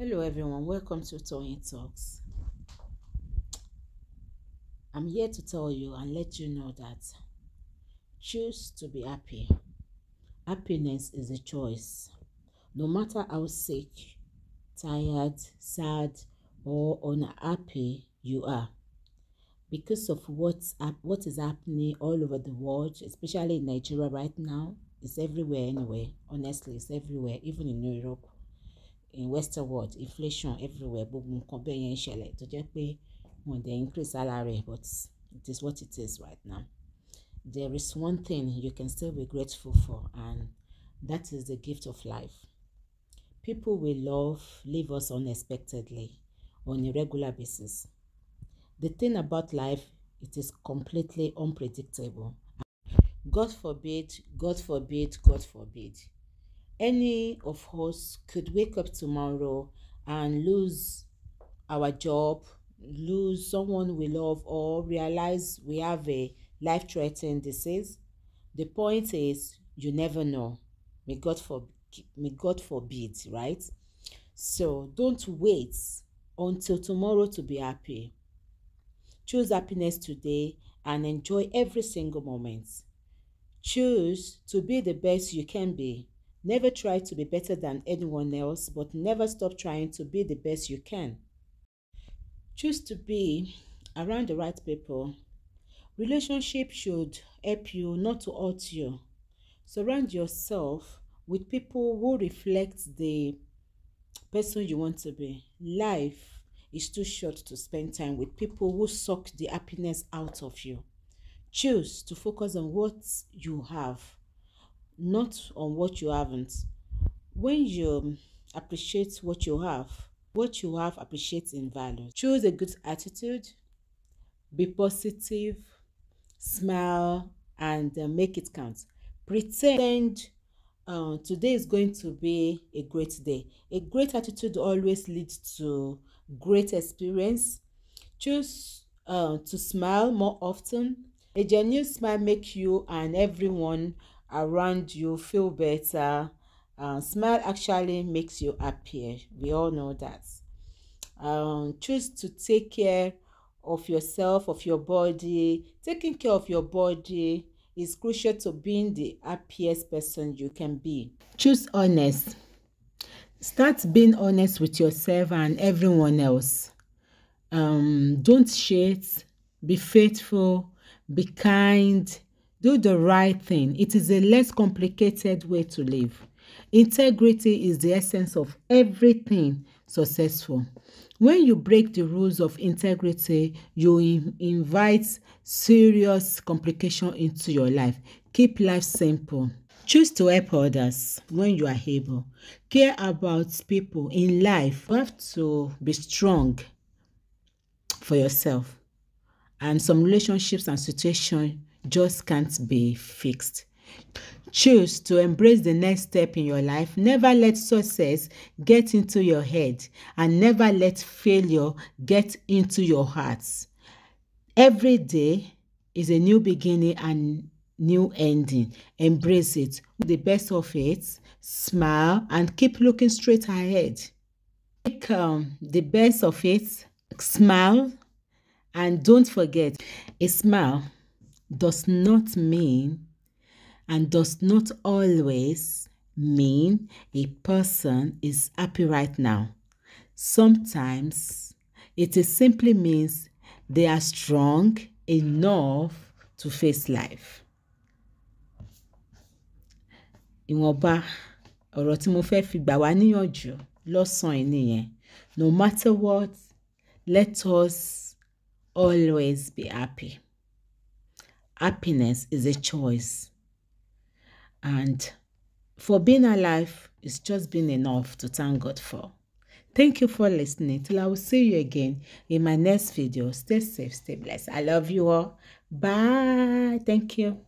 Hello, everyone. Welcome to Toyeen Talks. I'm here to tell you and let you know that choose to be happy. Happiness is a choice. No matter how sick, tired, sad, or unhappy you are, because of what's what is happening all over the world, especially in Nigeria right now, it's everywhere anyway. Honestly, it's everywhere, even in Europe in western world inflation everywhere gbogbo nǹkan bẹ́ẹ̀ yẹn ń ṣẹlẹ̀ tó jẹ́ pé wọ́n dey increase salary but it is what it is right now there is one thing you can still be grateful for and that is the gift of life people we love leave us unexpectedly on a regular basis the thing about life it is completely unpredictable God forbid God forbid God forbid any of us could wake up tomorrow and lose our job, lose someone we love, or realize we have a life threatening disease. The point is, you never know. May God, for, may God forbid, right? So don't wait until tomorrow to be happy. Choose happiness today and enjoy every single moment. Choose to be the best you can be. Never try to be better than anyone else, but never stop trying to be the best you can. Choose to be around the right people. Relationship should help you, not to hurt you. Surround yourself with people who reflect the person you want to be. Life is too short to spend time with people who suck the happiness out of you. Choose to focus on what you have not on what you haven't. When you um, appreciate what you have, what you have appreciates in value. Choose a good attitude, be positive, smile, and uh, make it count. Pretend uh, today is going to be a great day. A great attitude always leads to great experience. Choose uh, to smile more often. A genuine smile makes you and everyone around you feel better. Um, smile actually makes you happier. We all know that. Um, choose to take care of yourself, of your body. Taking care of your body is crucial to being the happiest person you can be. Choose honest. Start being honest with yourself and everyone else. Um, don't shade. Be faithful. Be kind. Do the right thing. It is a less complicated way to live. Integrity is the essence of everything successful. When you break the rules of integrity, you in invite serious complication into your life. Keep life simple. Choose to help others when you are able. Care about people in life. You have to be strong for yourself. And some relationships and situations just can't be fixed. Choose to embrace the next step in your life. Never let success get into your head and never let failure get into your hearts. Every day is a new beginning and new ending. Embrace it. The best of it, smile and keep looking straight ahead. Take um, the best of it, smile, and don't forget a smile does not mean and does not always mean a person is happy right now. Sometimes it simply means they are strong enough to face life. Ìwọ̀nba ọ̀rọ̀ tí mo fẹ́ fi gbà wá níyànjú lọ́sàn-án nìyẹn. No matter what, let us always be happy happiness is a choice. And for being alive, it's just been enough to thank God for. Thank you for listening. Till I will see you again in my next video. Stay safe, stay blessed. I love you all. Bye. Thank you.